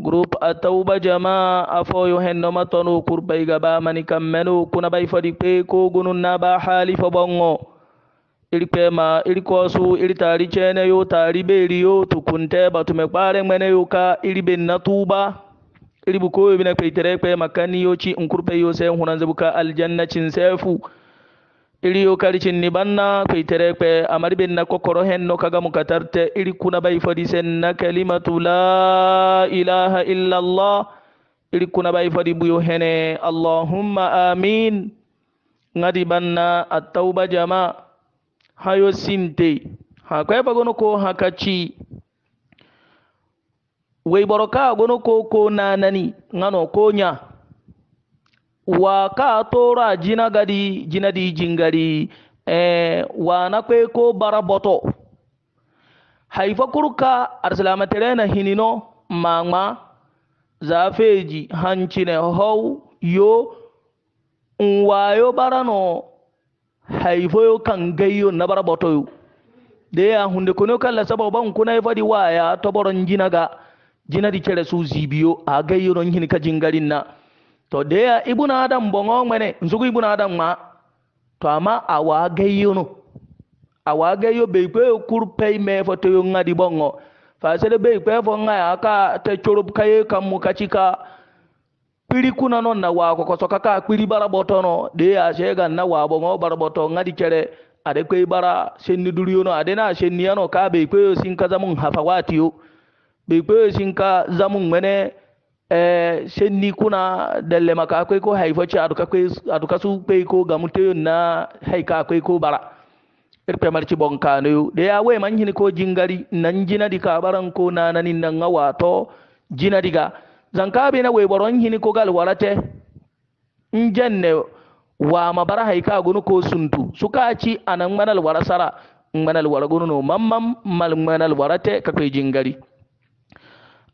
group a tauba Jamaa, a foyo henno matono kurbay gaba mani kammeno kuna bay fadi pe ko gunun na ba hali fo bongo iri pe ma iri kosu iri tari chene yo tari beri yo tukunte batume kware mene yo ka iri ben na tuba iri bukoyo bina pe tere pe makani yo ci nkurpe yo se hunan zabuka aljanna cin sefu iri yo karcinni banna feytere kpe amari ɓen na kokoro hen no kagamu katarte iri kuna bay fadi sen na kalimatu la ilaha illa llah iri kuna bay fadi buyo hene allahumma amin ngadi banna attauba jama hayo sinte ha kwe bagono ko hakaci weyboro ka gono ko ko nanani ngano ko nya wa ka tora jinagadi di jingari eh, wa na kwe ko bara boto haifa kurka arsilamatere na hinino mama zafeji hancine hau yo nwayo bara no haifo kan gayyo na bara botoyo da ya hunde kono kala sabo ban kuna ifadi waya toboron jinaga jinadi chere su zibiyo a gayyo non hin ka jingarin na to deya ibuna adam bongo ngwene nzugu ibuna adam ma to ama awage yuno awage yo be kwe kurpe me foto yo ngadi bongo fa sele be kwe fo nga aka te chorop kaye kamu kachika piri kuna non na wa ko so kaka piri bara botono de ya ga na wa bongo bara boto ngadi chere ade kwe bara senni duriyo no ade na senni yano ka be kwe sin kaza mun hafa be kwe sinka ka zamun ngwene Eh, senni kuna delle maka akwai ko haifaci aduka su kwai ko gamu ta yun na haika akwai ko bara irpe er marci bon kano yu da ya wai manjini ko jingari nan jina di kabaran ko nanani nan nga wato jina diga zanka bi na wai baron hini ko gal warate in janne wa ma bara haika gunu ko suntu suka ci anan manal warasara manal waragunu mamman mal manal warate kakwai jingari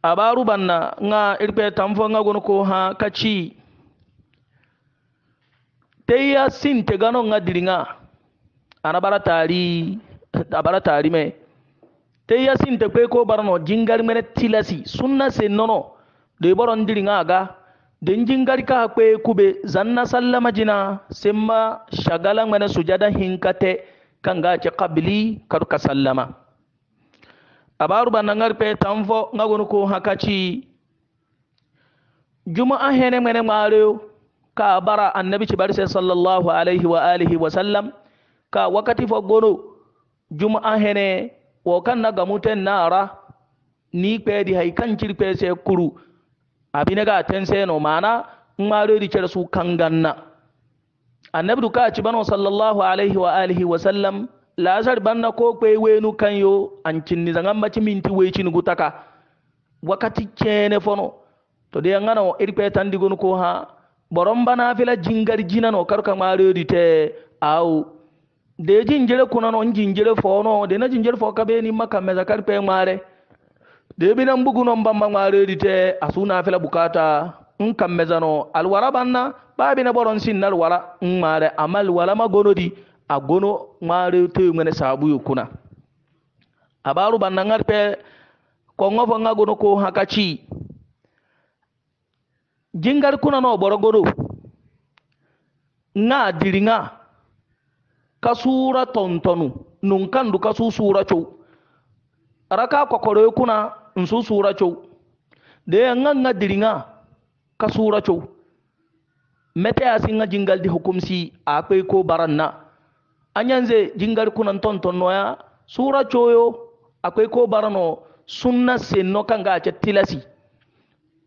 abaru banna nga irpe tamfo nga gono ko ha kachi teya sin te gano nga diringa anabara tari abara tari me teya sin te pe ko barano jingari mere tilasi sunna se nono de boron diringa ga de jingari ka pe kube zanna sallama jina semma shagala mene sujada hinkate kanga ce kabili karuka sallama abaru ba nangar pe tamfo ngagunu ko hakachi juma'a hene mene mareo ka bara annabi ci barse sallallahu alaihi wa alihi wa sallam ka wakati fo gono juma'a hene wo kan na gamuten nara ni pe di hay kan ciri pe se kuru abine ga tense no mana ngmaro di cer su kanganna annabi ka ci bano sallallahu alaihi wa alihi wa sallam lasari banna ko kwee weenu kan yo an cinnisangan maci minti weecinugu taka wakati ceene fono to de ngana o iri kwee tandigonu ko ha boron bana fila jingari jinano karo ka ŋmaariyodi te au de jinjele kunano n jinjele fono de na jinjele fo ka beeni ma kammesa kari kwee ŋmaare de binan bugunon bamma ŋmaariyodi te asu na fila bukata n kammesano alwara banna baa bina boron sinna alwara ŋmaare amma alwara ma gonodi a gono ŋari töyu ŋene sabuyu kuna a ɓaru bannaŋar pe ko ŋofo ŋa gono ko hakaci jingar kuna no boro gono ŋa diri ŋa ka sura tontonu nun kandu ka su sura cow araka kokoroyo kuna nsu sura cow deya ŋa ŋa diri ŋa ka sura cow mete asi ŋa jingal di hukumsi a kpei ko baran na An yanze jingar kunan tonton noya sura coyo akwai ko barano sunna senno ga ce tilasi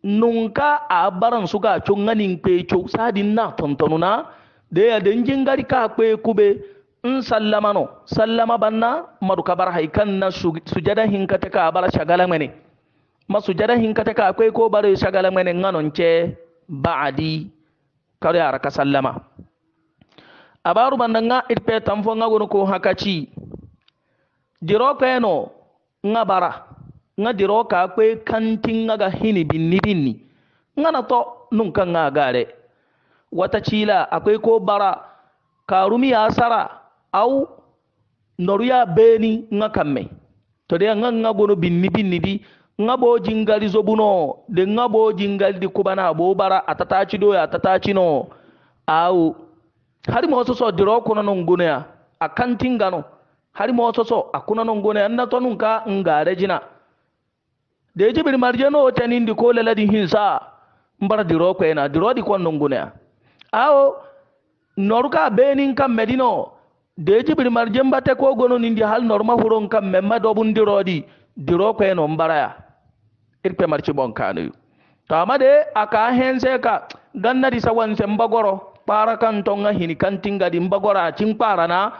nunka a baran suka ganin kweco sadin na tontonuna da ya dangin jingar ka kwe kube in sallama no sallama banna maruka bar haikan na sujada hinka ta ka bar shagala mene ma sujada hinka ta ka kwe ko bar shagala mene nganon ce ba'adi kare ka sallama abaru banda nga irpe tamfo nga gono ko hakachi diro kaeno nga bara nga diro ka kwe kantin nga ga hini binni binni nga na to nunka nga gare wata chila akwe ko bara karumi asara au noru ya beni nga kamme to de nga nga gono binni binni di nga bo jingali zobuno de nga bo jingali di kubana bo bara atata chido ya atata chino au hari ma so so diro kuna non gunya akan tingano hari mo so so akuna non gunya na to nun ka ngare jina da yaji bir marjano ta nin di ko laladin hinsa mbar diro ko ena diro di kon non gunya awo noruka benin kam medino da yaji bir marjan ta ko gono nin di hal norma huron kam memma dobun diro di diro ko eno mbaraya irpe marci bon kanu to amma de aka hense ka ganna di sawan sembagoro kpara kan ton ga hini kan tinga din bagora cin kpara na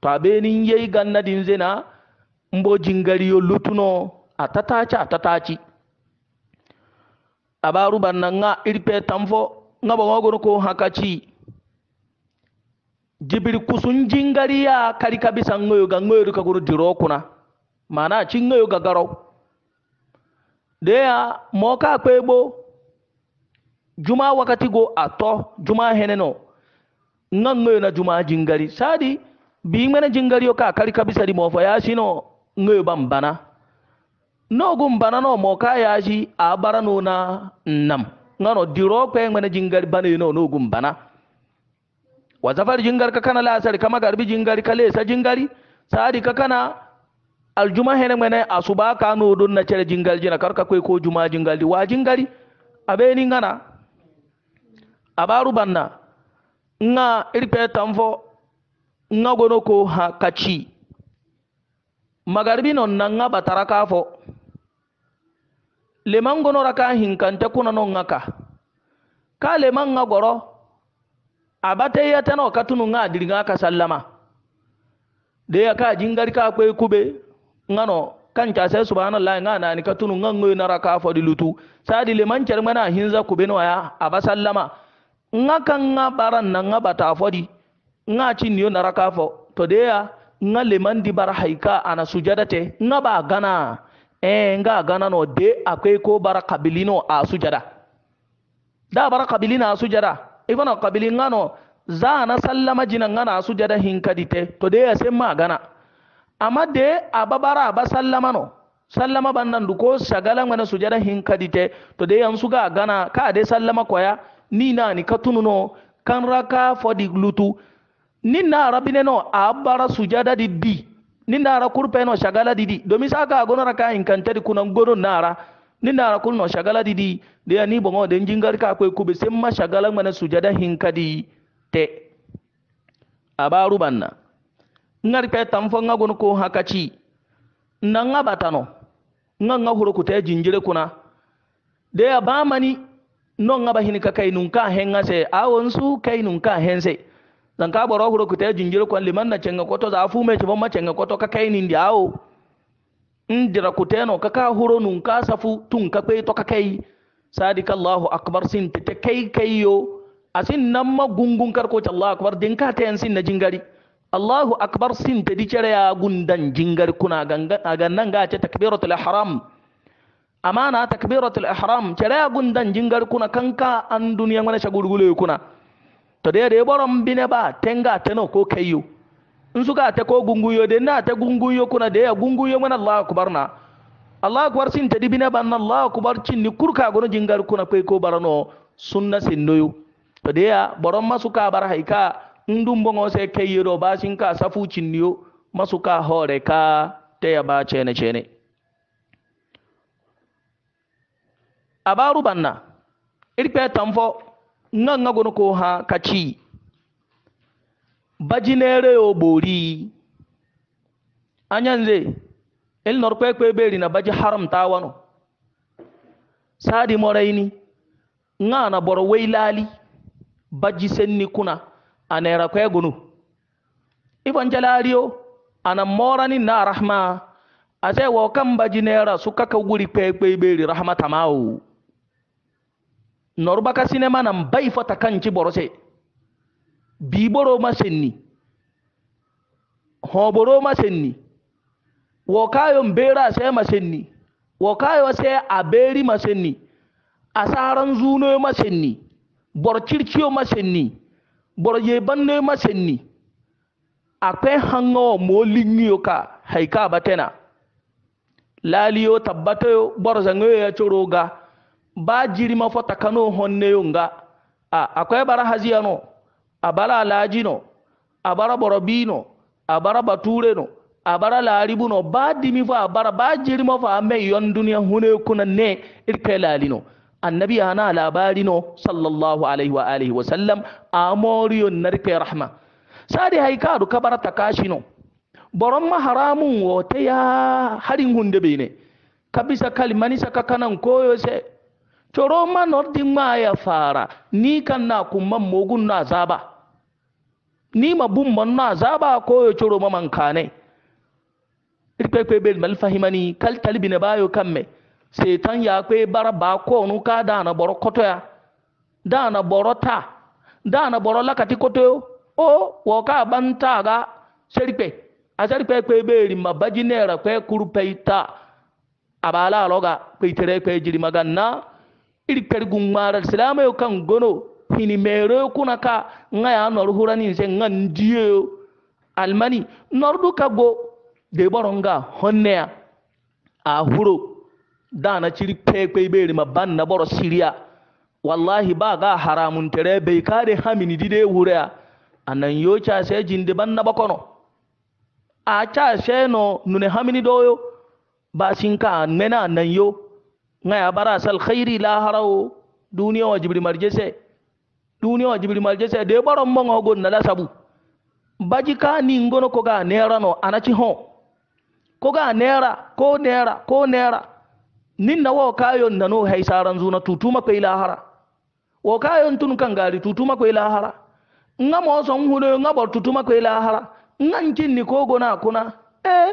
to abenin yayi ganna din zena mbo jingari yo lutuno atataci atataci abaru banna nga irpe tamfo nga bo ngono ko hakaci jibir kusun jingari ya kari kabisa ngoyo ga ngoyo ka guru diro kuna mana cin ngoyo ga garo deya moka kwebo juma wakati go ato juma heneno nan no na juma jingari sadi bi mana jingari yo ka kari kabisa di mofa ya shino noyo ban bana gum bana no mo ka ya ji a bara no na nam ngano diro pe mana jingari bana no gum bana wa zafar jingar ka kana lasari kama garbi jingari ka lesa jingari sadi ka kana aljuma hene mene asuba ka no don na cere jingal jina karka koi ko juma jingal di wa jingari abeni ngana abaru banna nga irpe tamfo nga gono ko ha kachi magarbi non na nga batara kafo leman gono raka hinkante kuna non nga ka ka leman nga goro abate ya tana wakatunu nga adiri nga ka sallama de ya ka jingari ka kwe kube nga no kanca sai subhanallah nga na ni katunu nga ngoy na raka fo di lutu sadi leman cermana hinza kube no ya abasallama sallama nga kan nga baran na nga bata fodi nga cin yo naraka fo to de ya nga le mandi bar haika ana sujadate nga ba gana e nga gana no de akwe ko bar kabilino a sujada da bar kabilina a sujada ifana kabilin nga no za na sallama jina nga na sujada hin kadite to de ya sem ma gana amma de ababara ba sallama no sallama bannan duko shagala ngana sujada hin kadite to de yan suga gana ka de sallama koya ni naani ka tununo kan ra ka fodi lutu ni naara bineno a bara sujada di di ni naara kurpeno shagala di di domin sa ka gono ra ka in kan tadi kunan gono naara ni naara kulno shagala di di de ni bongo de jingar ka ko kube semma shagala mana sujada hin kadi te abaru banna ngar pe tamfo nga gono ko hakachi nanga batano nga nga huro kutai jinjire kuna de abamani non ŋa ba ka kai nun ka henga se awon su kai nun ka se zan ka boro huro kuta jinjiro kwan liman na cenga koto za fu me ma cenga koto ka kai nin di awo indira kuteno ka ka huro nun ka safu tun ka kai to ka kai sadika allahu akbar sin te kai kai yo asin nan ma gungun ko ta allahu akbar din ka ta sin na jingari allahu akbar sin te di cere ya gundan jingari kuna ganga ga nan ga ce takbiratul haram amana takbiratul ihram kere agun dan jingar kuna kanka an duniya mana shagurgule kuna to de de borom bine ba tenga tano ko kayyo in suka ta ko gunguyo de na ta gunguyo kuna da ya gunguyo mana allah akbar na allah akbar sin ta dibine ba na allah akbar cin ni kurka gono jingar kuna kai ko barano sunna sin noyo to da ya borom masuka bar haika ndum bongo sai kayyo ba sin ka safu cin niyo masuka hore ka ta ya ba chene chene abaru banna irpe tamfo nga nga gono ko ha kachi bajinere o bori anyanze il norkwe kwe beri na baji haram tawano sadi moraini nga na boro baji senni kuna anera kwe gono ibon jalariyo ana morani na rahma ase wo kan bajinera suka ka guri kwe kwe beri ka sinema nan bai fata kanci borose biboro masenni hoboro masenni wokayon bera sai masenni wokayo sai aberi masenni asaran zuno masenni borcirciyo masenni boryebanne masenni akwai hangawa molin ka haika batena laliyo tabbatayo borzanyo ya ciro ga ba jirima fota kano honneyo nga a akwai bara haziya no a bara alaji no a bara borobi no a bara bature no a bara laribu no ba dimi fa a bara ba jirima fa an mai yon duniya hune kuna ne irkai lali no annabi hana labari no sallallahu alaihi wa alihi wa sallam amoriyo narkai rahma sadi haikaru kabara takashi no boron maharamun wote ya harin hunde bene kabisa kalimani saka kanan koyo sai coro ma ya fara ni kan na kumman mogun na zaba ni ma bumman na zaba ko ya coro ma man kane irpe pe bel mal fahimani kal talbi ne bayo kamme setan ya kwe bara ba ko nu ka da na boro koto ya da na boro ta da na boro lakati koto yo o wo ka ban ta ga serpe a serpe pe beri mabaji ne ra kwe kurupe ita abala loga kwe tere kwe jiri maganna iri pergun silama silamayo kan gono hini mero kuna ka nga ya nor hurani se nga ndiye almani nor du ka go de boronga honne a huro dana ciri pepe beri ma ban na boro siria wallahi ba ga haramun tere bai de hamini dide wure anan yo cha se jinde ban na bakono a cha se no nune hamini doyo ba sinka nena nan yo ngaya bara sal khairi la harawo duniya wa jibril marjese duniya wa jibril marjese de baro mongo gon na la sabu baji ka ni ngono ko ga nera no anachi ho ko ga nera ko nera ko nera nin na wo kayo na no haisaran zuna tutuma ko hara wo kayon tun kan gari tutuma ko hara nga mo so nga bor tutuma ko hara nga nkin ni ko gona kuna eh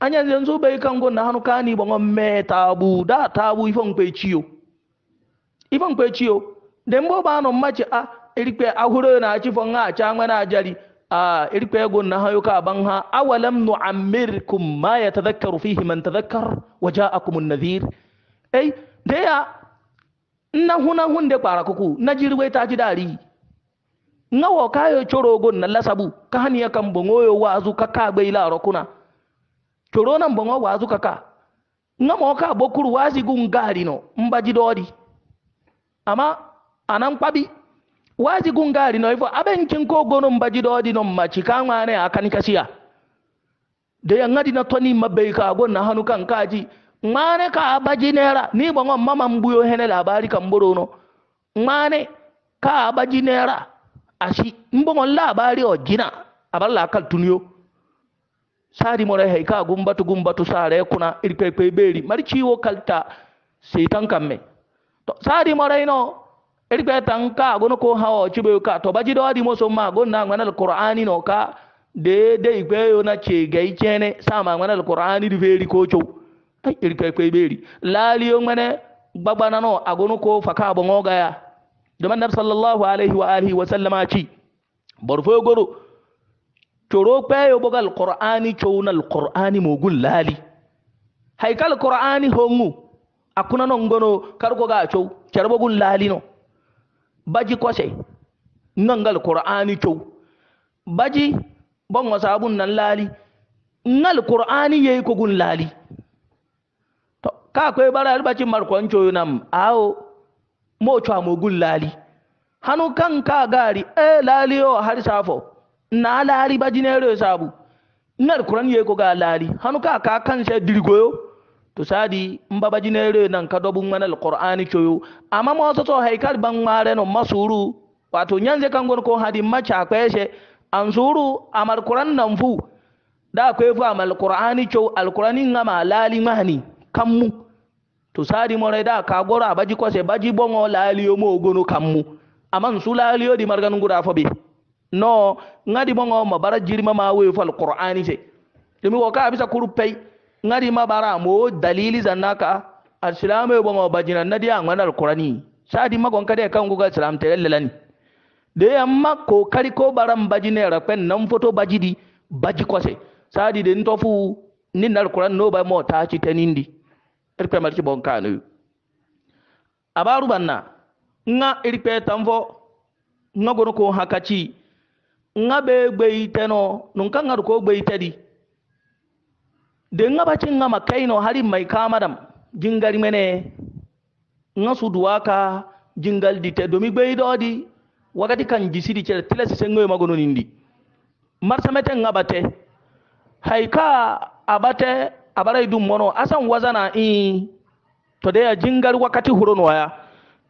anya yanzu bai gon na hanu kani bongo me tabu da tabu ifon pe ciyo ifon pe ciyo dem bo ba no mace a ah, a huro na ci fon ha cha ngwa na jari a ah, irikpe gon na hayo ka ban ha awalam amirkum ma yatadhakkaru fihi man tadhakkar wa ja'akum an-nadhir ai de ya na huna de kwara kuku na jirwe ta ji dari ngawo kayo choro go na lasabu ka ya kan bongoyo wa azu ka ka gbe ila rokuna coro nan wa wazu ka nga mo ka bokuru wazi gungari no mbaji dodi ama anan kwabi wazi gungari no ifo aben kin ko gono mbaji dodi no machi kanwa ne akani kasiya da yan ngadi na toni mabai ka gon na hanu kan kaji mane ka abaji nera ni bongo mama mbuyo hene labari kan boro no mane ka abaji nera ashi mbongo labari o jina aballa kal tuniyo sari morai hay ka gumbatu gumbatu sare kuna irpe pe beri mari ciwo kalta setan kamme to sari morai no irpe tanka ka gono ko hawo chibe ka to baji do adi moso ma gonna ngana alqur'ani no ka de de ipe yo na che gai cene sama ngana alqur'ani di veri ko cho ai irpe pe beri lali yo ngane babana no agono ko faka bo ngoga ya da man sallallahu alaihi wa alihi wa sallama ci borfo goro coro kpeyo boga alqur'ani cowna alqur'ani mogun laali hay kala qur'ani hongu akuna non gono kargoga cow cerbo gun lali laalino baji kose ngangal qur'ani cow baji bongo sabun nan laali ngal qur'ani yeyi ko gun lali. to ka koye ɓara albaci markon coyunam awo mo cowa mogun lali. hanu kan ka gari, e lali o har safo na lari ba jinero sabu nar kuran ye ko ga lari hanu ka ka kan se dirgoyo to sadi in ba jinero nan ka dobun ngana alqur'ani coyo amma mo to to haikal ban mare no masuru wato nyanze kan gon ko hadi macha kwese an suru amar kuran nan fu da akwai fu amal qur'ani coyo alqur'ani ngama lali mahani kammu to sadi mo da ka gora baji kwase baji bongo lali yo mo gonu kammu aman su laali yo di margan guda fobi no ngadi bongo mabara jirma ma we fal qur'ani se dumi ko ka bisa kurpei ngadi bara mo dalili zanaka alsilamu bongo bajina nadi angwana alqur'ani sadi ma magon kade kan guga islam te lalani de amma ko kari ko baran bajine rakpen nan foto bajidi baji kose sadi de ntofu ni nar qur'an no ba mo ta ci tanindi irpe malki bon kanu abaru banna nga irpe tanfo nga gono ko hakaci nga be no nun kan ngar ko di? de nga ba cin nga no hari mai madam jingal mene nga su duwaka jingal di te domi di, wakati kan jisidi cere tilasi sengoyo magono nindi marsamete nga bate ka abate abarai dum mono asan wazana i to de jingal jingar wakati hurono waya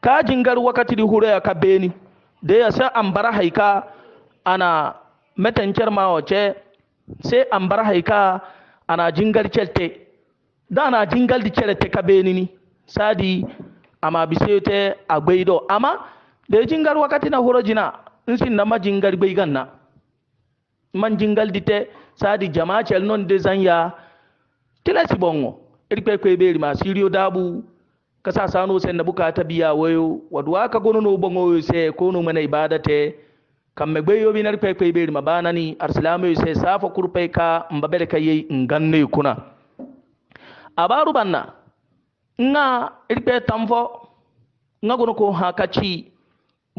ka jingal wakati di huro ya ka beni de ya sa ambara haika ana wace sai an bar haika ana jingal celte da ana jingal di cerete ka benini sadi ama bisete a gbeydo amma da jingal wakati na horojina na ma jingal gbey ganna man jingal dite sadi jama'a cel non de zanya tilasi bongo irkwe beri ma siriyo dabu kasa sano sen na ta biya wayo wadwa ka gono no bongo se kono mana ibadate me gbe yobi nar pepe pe beri mabana ni yi sai safa kurpe ka mbabere ka yei nganne kuna abaru banna nga irpe tamfo nga gono ko hakachi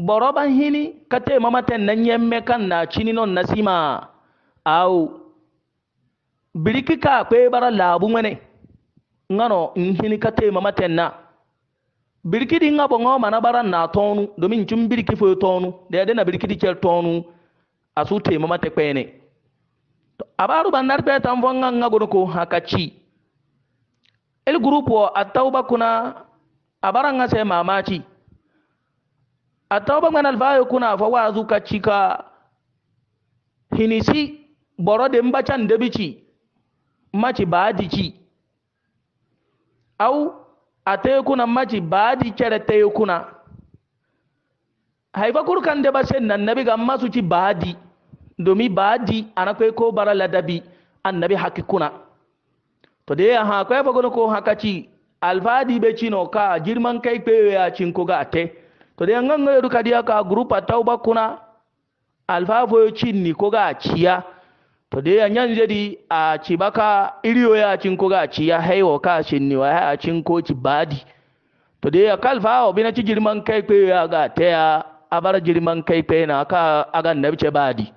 boroba hini kate mama ten nan yemme kan na chini non nasima au birikika ka kwe bara labu mene ngano nhini kate mama ten na birkidi nga bongo mana baran na tonu domin cin birki fo tonu da yadda na birkidi ke tonu a su te mama te kwene abaru bandar pe tan vonga nga gudu ko ci. el group atauba kuna abara nga se mamaci atauba ngana alfayo kuna fa wazu kachika hinisi boro de mbacan debici maci baadici au A kuna maci baadi cere teye kuna haifa kurkan deba sen annabi ga masu ci baadi domi baadi kai ko bara ladabi annabi hakikuna kuna to da ya ha kwai bagono ko hakaci alfadi be cino ka girman kai pewe ya ko ga te to de nganga yodu diya ka grupa tauba kuna alfafo ci ni ko ga ciya To todeya jadi a baka iriyo ya ci ya haiwa ka wa ya ko ci badi To ya kalfa wa bina ci girman kai kwe ya ga teya abara girman kai pe na ka aga nabce badi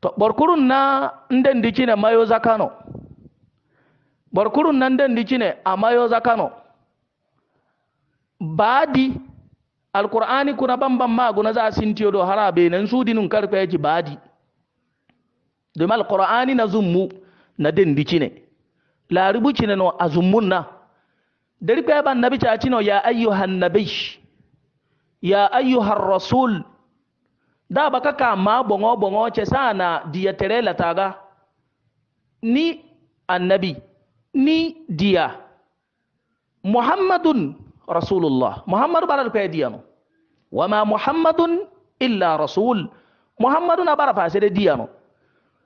to barkurun na diki dicine mayo zakano borkurun na diki ne a mayo zakano badi alqur'ani kuna bamban ma guna za sintiyo do harabe nan sudinun karfe ci badi domin alkur'ani na zummu na dindi cine laribu cine no a zummun na dari kwe ban nabi caci no ya ayyuhan nabi ya ayyuhan rasul da baka ka ma bongo bongo ce sana diya tere lataga ni annabi ni diya muhammadun rasulullah muhammadu barar kwe diya no wama muhammadun illa rasul muhammadu na bara fasire diya no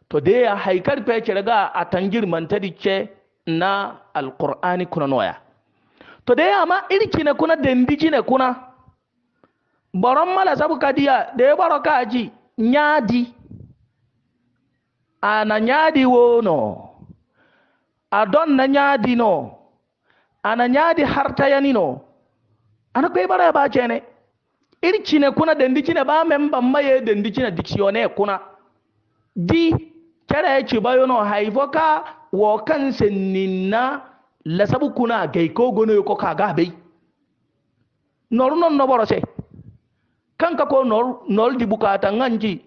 to de ya haikar pe cerega a tangir mantadi ce na alqur'ani kuna noya to de ma ama irkine kuna dendikine kuna Baron mala sabu kadiya de baro kaji nyaadi ana nyaadi wono don na nyaadi no a ana nyaadi hartayani no ana koy bara ba cene irkine kuna dendikine ba memba maye dendikine dictionnaire kuna di kere cibayo no ka wo kan sannin na lasabu kuna gai ko gono ko kaga be noru non no Kan kanka ko nor nor di bukata nganji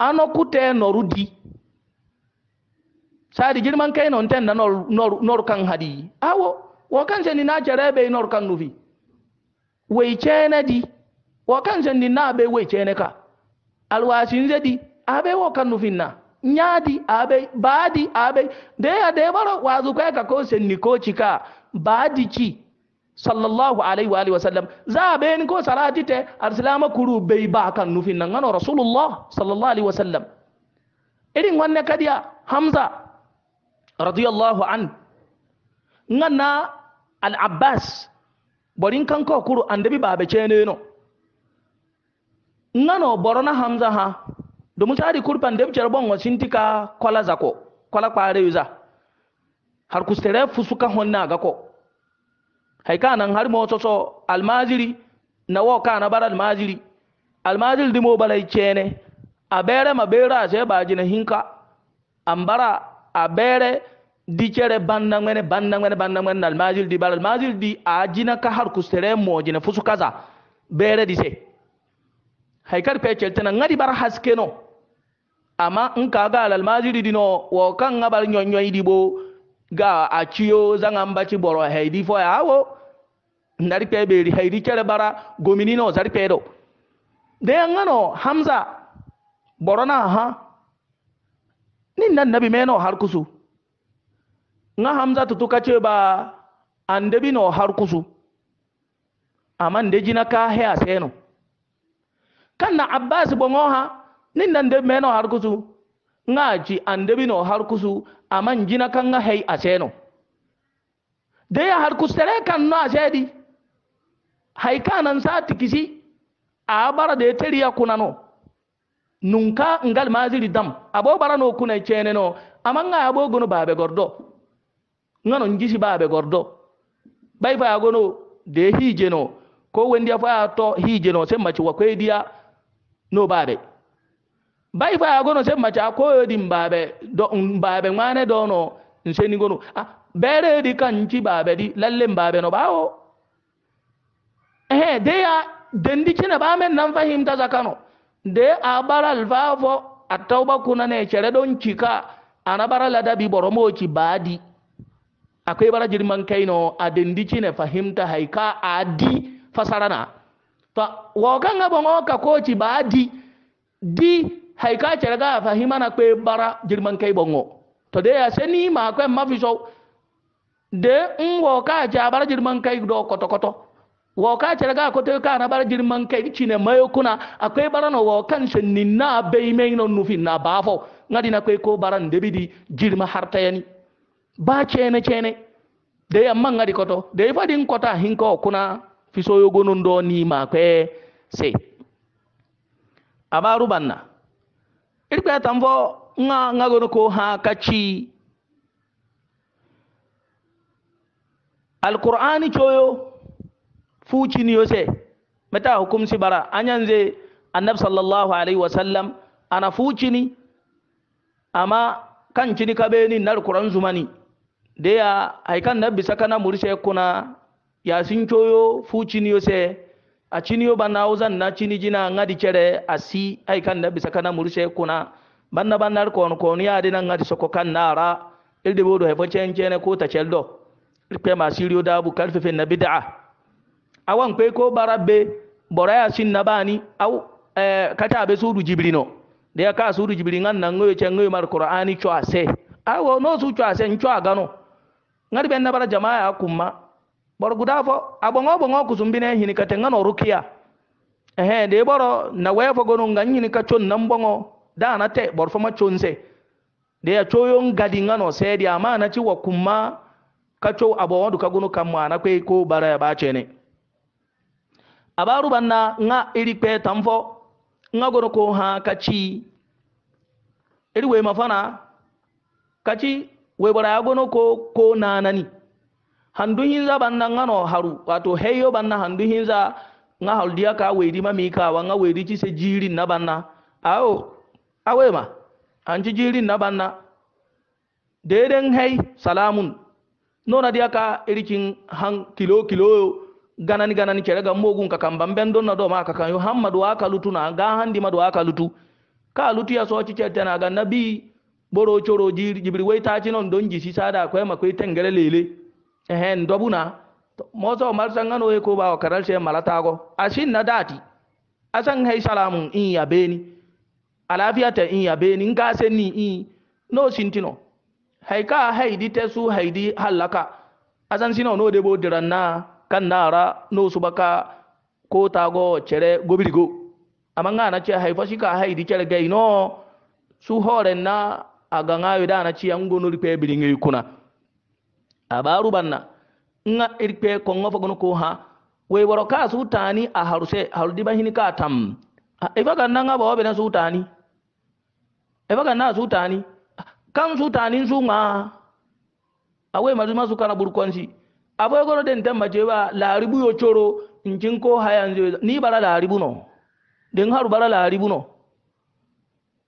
ano kute noru di sadi girman kai non ten na, nor nor nor kan hadi awo wo kan sennina kere bai nor kan nufi Wai chene di wo kan sennina be wei chene ka alwasin zedi abe wo kan nufin na ñaadi aɓey baadi aɓey deya debaro wasu koy ka ko senni ko cika baadi ci sallllahu alayhi wa alihi wa sallam za ni ko salati te arsilama kuru bey ba kan nufinna gano rasulullah sallallahu alaihi wa sallam irin wanne kadiya hamza radiyallahu an ngana al abbas borin kanko kuru andebi baɓe ceneno gano borona hamza ha da domin sari kurpan dem charbon wa sintika kwala zako kwala kware yuza har kustere fusuka honna ga ko hay kanan har mo soso almajiri na wo kana bar almajiri almajiri dimo balai chene a bere ma bere a sai baji na hinka ambara a bere di chere banna ngene banna ngene banna ngene almajiri di bar almajiri di a jina ka har kustere mo jina fusuka za bere di sai haikar fekel tana ngadi bar haske no amma in ka ga almajiri dino wo kan ga bar nyonyoy dibo ga a ciyo zanga baci boro heidi fo yawo ndari pe be ri haidi kere bara gomini no zari pe do de ngano hamza boro na ha nin nan nabi meno har kusu nga hamza tutu ce ba andabi no har kusu amma ndeji na ka he aseno kan na abbas bongo ha nin nan dai meno har kusu nga ji andebi no har kusu aman jina kan nga hay aseno Da ya har tare kan no asedi hay kanan sa tikisi a bara de kuna kunano nunka ngal maziri dam abo bara no kuna chene no aman nga abo gono babe gordo no ngisi babe gordo bai fa gono de hije no ko wendi afa to hije no sai mace wa kwediya no babe bai fa gono se mace ko din babe do babe mane do no sai ni gono ah bere di ki babe di lalle babe no bawo eh de ya dendi kina ba men nan fahimta zakano de a baral alfafo a tauba kuna ne kere don kika ana bara ladabi boromo ki badi akwai bara jirman kai no a dendi kina fahimta haika adi fasarana to wa kan ga bon ka ko ki badi di hay ka cerega fahimana kwe bara jirman kai bongo to de ya ni ma kwe mafiso de ngo ka ja bara jirman kai do koto koto wo ka cerega koto ka na bara jirman kai ne mayo kuna akwai bara no wo kan sennin na bei mai no nufi na bafo ngadi na kwe ko bara ndebidi jirma harta yani ba cene cene de yamma ngadi koto de fadin kota hinko kuna fiso yogonun do ni ma kwe se amaru banna ta tambo nga nga gono ko ha kachi alqur'ani choyo fuchi ni yose meta hukum si bara anyanze annab sallallahu alaihi wasallam ana fuchi ni amma kan chini ni nar qur'an zumani de ya haikan nabi sakana murse kuna yasin choyo fuchi ni yose a ciniyo banna hausan na cini jina ngadi cere asi ay kan nabi sakana murse kuna banna bannar kon kon ya dina ngadi soko kan nara ilde bodo hefo cencene ko ta celdo irpe ma siriyo dabu kalfe fe na bid'a awan kwe ko barabbe boraya sin nabani au eh, kata be sudu jibrino de ya ka sudu jibri ngan nan ngoyo cen ngoyo mar qur'ani cho ase awo no su cho ase cho agano ngadi ben na bara jama'a kuma bor guda fo abongo bongo kusumbine hini kate ngano rukia ehe de boro na wefo gono ngan nganyini ka chon da dana te bor fama chonse de ya choyon gadi ngano sedi amana ci wa kuma ka cho wadu duka gono kamma na kwe ko bara ya bace ne abaru banna nga iri kwe tamfo nga gono ko ha kachi iri we mafana kachi we bara ya gono ko ko nanani handu hinza banna ngano haru wato heyo banna handu hinza nga hal dia ka weidi ma mi ka wa nga weidi ci se jiri na banna awo awe ma anji jiri na banna deden hey salamun no na dia ka irikin han kilo kilo ganani ganani kere ga mogun ka kan bamben don na do ma ka kan yo hammadu wa ka lutu na ga handi madu wa ka lutu ka lutu ya so ci cete na ga nabi boro choro jiri jibril wayta ci non don ji si sada ko e ma ko tengere lele le. ehen dobuna mozo mal sangano e ko ba o karal se malata go asin na dati asan hay salamu in ya beni alafiya ta in ya beni nga se ni no sintino hay ka hay di tesu hay di halaka asan sino no de bo na kan nara no subaka ko go chere gobirigo amanga na che hay fashika hay di chere no su hore na aga ngayo da na chi angono lipe bilingi kuna abaru banna nga irpe ko ngofa gono ko ha we woro ka sutani a haruse harudi ba hini ka tam e kan nan wa obena su sutani? e kan na sutani tani kan sutani tani su nga awe madu masu kana burkonsi abai gono den tamma je ba laribu yo choro njin ko hayan ni bara laribu no den haru bara laribu no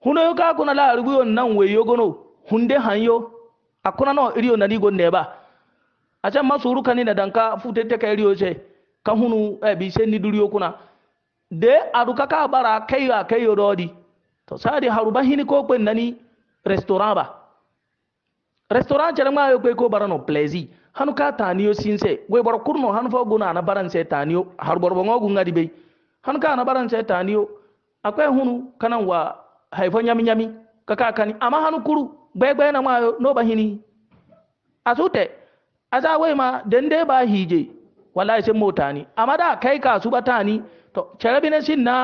huno yo ka kuna laribu yo nan we yo gono hunde hanyo akuna no iriyo nani gonne ba a can ma suru kanina danka futete kayriyo se kan hunu eh, bi ni duriyo kuna de a duka ka bara kayo a kayo rodi to sadi haruba hini ko kwen nani restaurant ba restaurant cere ma yau kwe ko bara no plaisir hanu ka taniyo sinse we bar kurno hanu fo guna na baran se taniyo har bar bo ngogu ngadi be hanu ka na baran se taniyo akwai hunu kanan wa haifo nyami nyami kaka kani amma hanu kuru gbegbe na ma yo no bahini asute aza wai ma den dai ba hije wallahi sin mota ni amma da kai ka su bata ni to cere na sin na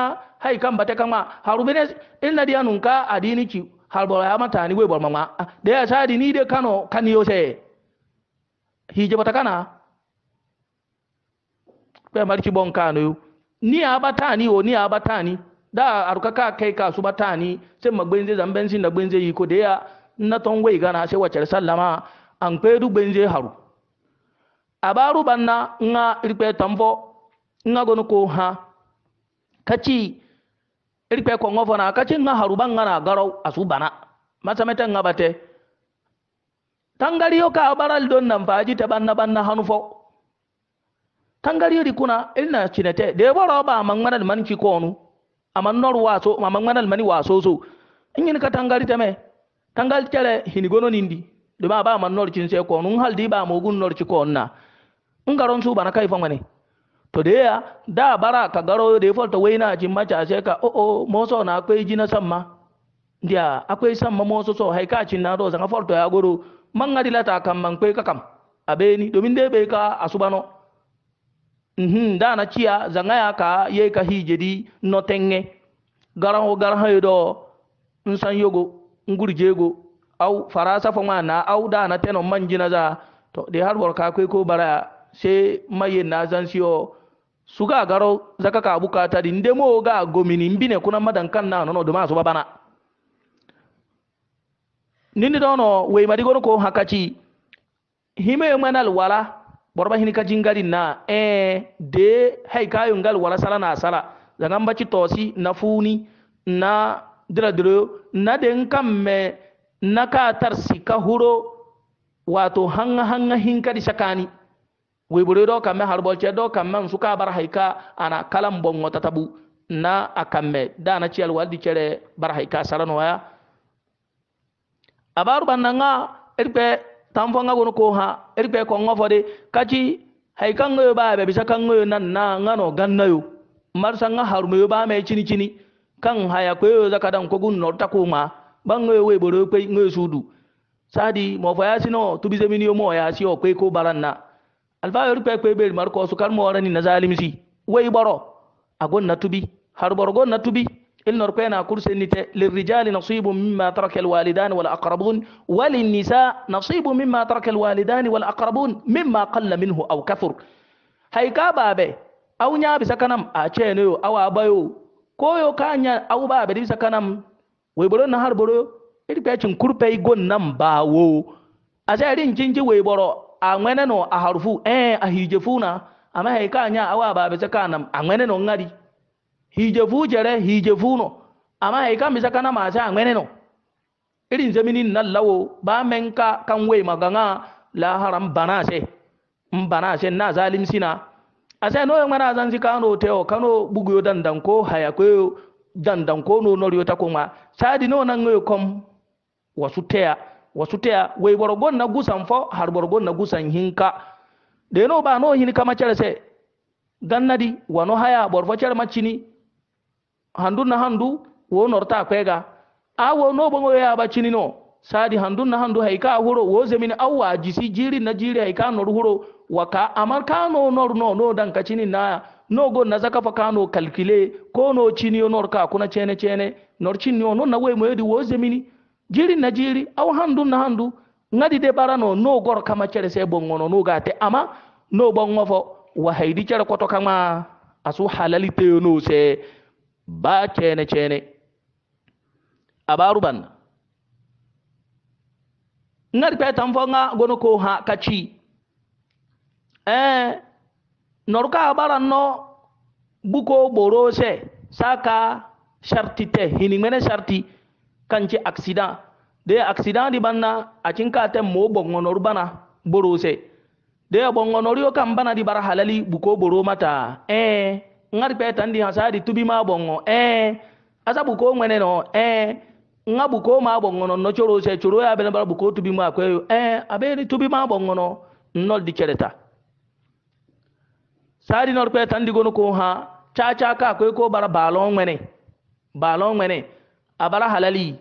hai kan bata kama haru ne in na dia nunka adini ki har bora ya mata ni wai bor mama da ya sadi ni de kano kan yo se hije bata kana pe marci bon kano ni a bata ni o ni a bata ni da aruka ka kai ka su bata ni sai magbenze zamben sin da gbenze yi ko da ya na ton wai gana sai wacce sallama an kwedu gbenze haru abaru banna nga irikpe tambo nga gonu ko ha kaci irikpe ko ngofo na kaci nga haruba nga na garau asu bana masamete nga bate tangariyo ka baral don nan faji ta banna banna hanufo tangariyo di kuna ilna cinete de boro ba mangmanal man ki konu aman nor waso mangmanal mani waso so inyin ka tangari teme tangal cere hinigono nindi de ba ba man nor cinse konu hal di ba mogun nor ci konna ngaron su bana kai fangane to da ya da bara ka garo da ya falta na jin maca sai ka o oh, o oh, moso na akwai jina samma dia akwai samma moso so hai ka cin na do zan falta ya goro man ngadi lata kan man kai ka kam abeni domin dai bai ka asubano mhm da na ciya zan ya ka ye ka hijedi no tenge garan ho garan hayo do san yogo go au farasa fa na au da na tenon man jina za to dai har warka kai ko bara sai maye na san siyo su ga garo zaka ka bukata din demo ga gomini mbine kuna madan kan na no do maso babana nini dono we mari gono ko hakachi hime manal wala borba hini ka jingari na e de hay kayo ngal wala sala na sala zanga mbachi tosi na funi na dira dira na de nkamme na ka tarsi ka huro wato hanga hanga hinkadi sakani gwibure do kamme harbolce do kamme suka bar haika ana kalan bongo tatabu na a kamme da na ciyal waldi kere bar haika sarano waya abaru bandanga erbe tamfonga gono ko ha erbe ko ngofode kaci haika ngoyo ba be bisa kan ngoyo nan na ngano gannayo marsa nga harume yo ba me chini chini kan haya ko yo zakadan ko gun norta ko ma bangoyo we boro pe ngoyo sudu sadi mo fa yasino tubizemini yo mo yasi o pe ko baranna alfa yoru pe pe beri marko su kar mo ni na misi wai baro agon na tubi har baro gon na tubi il nor pe na kurse ni te rijali nasibu mimma taraka alwalidan wal aqrabun walin nisa nasibu mimma taraka alwalidan wal aqrabun mimma qalla minhu aw kathur hay ka babe aw nya bisa kanam a ce ne yo awa bayo koyo ka nya aw babe bisa sakanam wai baro na har baro iri pe cin kurpe gon nan bawo a sai jinji wai baro A angwene no aharufu eh ahijefuna ama he nya awa ba bese kana angwene no H'ije fu jere h'ije hijefuno ama he kan ka kana ma sa angwene no irin zaminin na lawo ba men ka kan ma magana la haram bana se Mbana bana se na zalim sina ase no ngana zan si kano teo kano buguyo dandan ko haya ko dandan ko no noriyo ta kuma sadi no nan ngoy kom wasu teya Wasu taya, wey borogon na gusan fo har borogon na gusan hinka deno ba no hini kama cerese gannadi wano haya borfo cer maccini handu na handu wo norta kwega a wo no bongo ya bacini no sadi handu na handu haika huro wo zemini awwa jisi jiri na jiri haika nor huro waka amar kano nor no no dan kacini na no go na zaka fa kano kalkile ko no chini nor ka kuna cene-cene. nor chini no na we moyedi wo zemini jiri na jiri au handu na handu ngadi de barano no gor kama cere se bongono no gate ama no bongo fo wa haydi cere koto kama asu halali te no se ba cene cene abaru ban ngari pe tan fo nga gono ko ha kachi eh norka baranno buko boro se saka sharti te hinimene sharti kanci accident de accident di banna acin ka tem mo bongonor bana boro borose de y'o kan bana di bara halali buko boro mata eh ngar pe tan di hasadi tubi ma bongo eh asa buko ngwene no eh nga buko ma bongono no choro se choro ya bena bara buko tubi ma kwe eh abeni tubi ma bongono nol di chereta sadi nor pe tan di gono ko ha cha cha ka kwe ko bara balon ngwene balon ngwene a bar halali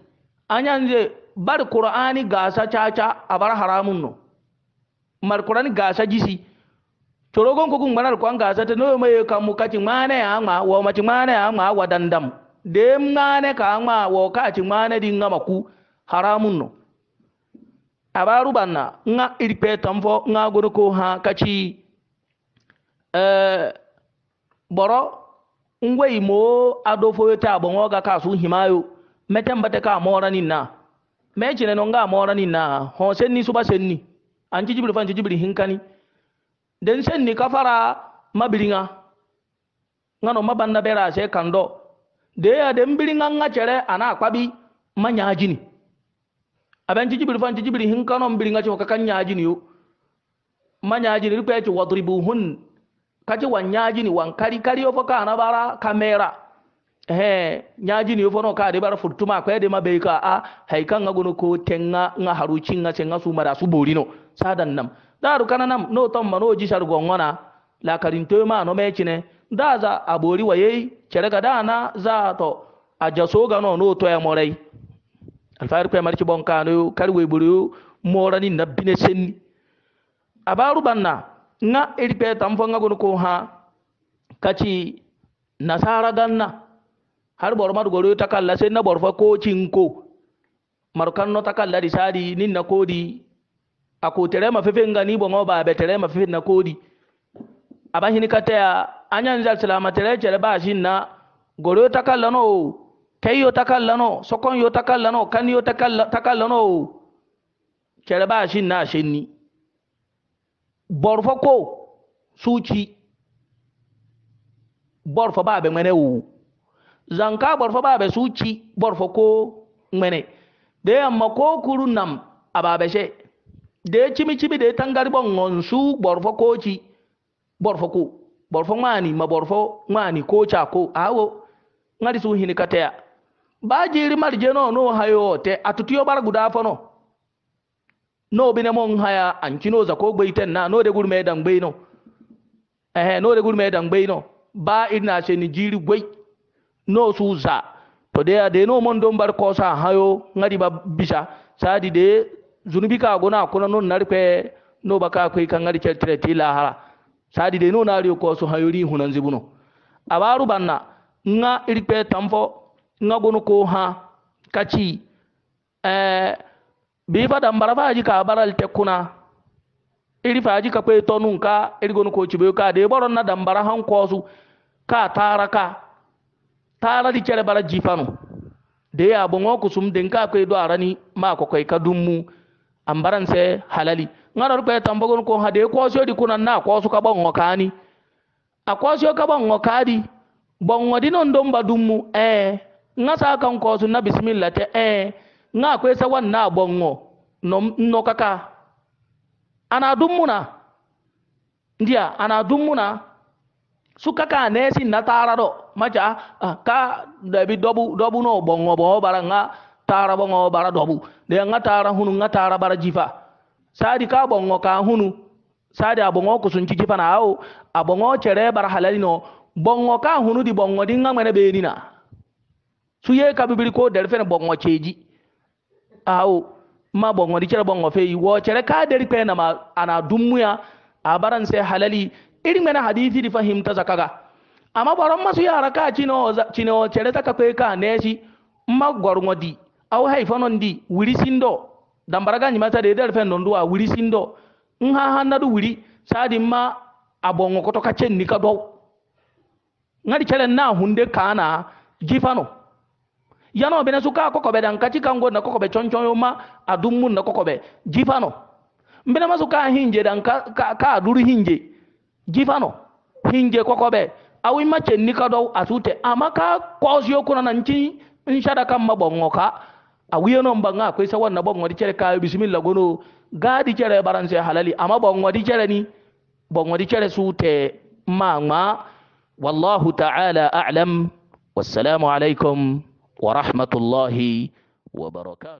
an yanzu bar qur'ani gasa caca a bar haramun no mar qur'ani gasa jisi corogon kogun manar kwan gasa ta noyo mai kan mu kacin mana ya ma wa macin mana ya ma wa dandam yi mana ka ma wa kacin mana din ngama maku haramun no na n nga irpe tamfo nga gudu ko ha kaci eh, boro ngwe mo adofo ta bon oga kasu himayo meten bate ka ni na mecine no nga ni na ho senni suba senni anci jibiri fanci jibiri hinkani den senni kafara mabiriŋa ŋa no mabanda bera se kando deya den biriŋa ŋa cere ana kpabi ma ñajini abenci jibiri fanci jibiri hinkano mbiriŋa ci ho nya ñajini yo ma ñajini ri kweci wadribuhun kaci wan ñajini wan kari kari yo fo kana bara kamera he nyaji ni yofono ka de bar furtuma ko de ma beika a hay kan ga gono ko tenga nga haruci nga senga su mara su borino sadan nam daru kana no tom ma no jishar gongona la karin to ma no mechine da za a bori waye kere ga dana za to a jaso ga no no to ya morai alfair ko marci bon kanu karwe buru morani na sen abaru banna nga irpe tamfo nga gono ko ha kaci nasara ganna har bor madu goro takalla sen na bor fa ko cinko mar kan no takalla di sadi nin na kodi ako tere ma fefe ngani bo ngo ba be tere ma fefe na kodi aba hini kata ya anyan zal salama tere chere ba shin na goro takalla no kayo takalla no sokon yo takalla no kan yo takalla takalla no chere ba shin na shin ni bor fa ko suci bor fa ba be mene wu zanka borfo babe suci borfo ko mene Da yamma ko kuru nam ababe she de cimi cimi de tangari bon ngonsu borfo koci borfo ko borfo ngani ma borfo ngani ko cha ko awo ngari su hini kateya ba jiri marje no no hayo te atutiyo bar guda fono no bine mon haya an kino za ko gbeiten na no de gurme dan gbeino ehe no de gurme dan gbeino ba ina she ni jiri gwei no suusa to de a de no mon don bar kosa hayo ngari ba bisa sadi de zunubi ka gona kuna non nari kwe no baka kwe kan ngari chetre ti la hala sadi de no nari ko so hayo ri hunan zibuno abaru banna nga irpe tamfo nga gono ko ha kachi eh bi ba dan bara faji ka baral te kuna iri faji ka kwe tonun ka irgo no ko chibe ka de boron na dan bara han ko su ka taraka ka taara di kere bara jipano de ya bon kusum sum den ka ko do arani ma ko kai kadummu ambaran se halali ngana ko tambogon ko hade ko so di kunan na ko su ka bon ngokani akwasio ka bon ngokadi bon ngodi non dom badummu eh ngasa kan ko su na bismillah te eh nga ko sa wan na bon ngo no no kaka ana dummuna ndia ana dummuna suka ka ne si na tara do macha ah, ka da bi dobu dobu no bongo bo bara nga tara bongo bara dobu de nga tara hunu nga tara bara jifa sadi ka bongo ka hunu sadi abongo kusun ci jifa na awo abongo chere bara halali no bongo ka hunu di bongo di nga mene be na Suye ka bibiri ko der fene bongo ceji awo ma bongo di chere bongo feyi wo chere ka deri pe na ma ana dummuya abaran se halali iri mena hadisi di fahimta zaka zakaga amma baron masu yara ka cino cino cere ta kakwe ka ne shi ma gorngo di au haifanon di wuri sindo dambaraga ni mata da yadda fen don duwa wuri sindo in ha ha nadu wuri sadi ma abongo koto ka cen ni ka do ngari cere na hunde kana gifano yano bene suka kokobe dan kati kango na kokobe chonchon yo ma adummun na kokobe gifano mbena masuka hinje dan ka ka, ka aduru hinje jifano koko kokobe awi mace nika dau asute amaka kosio kuna na nchi nshada kama bongoka awiye non banga akwai sawan na bongo di chere kayo bismillah gono gadi chere baranse halali ama bongo di chere ni bongo di chere sute mama wallahu ta'ala a'lam wassalamu alaikum wa rahmatullahi wa barakatuh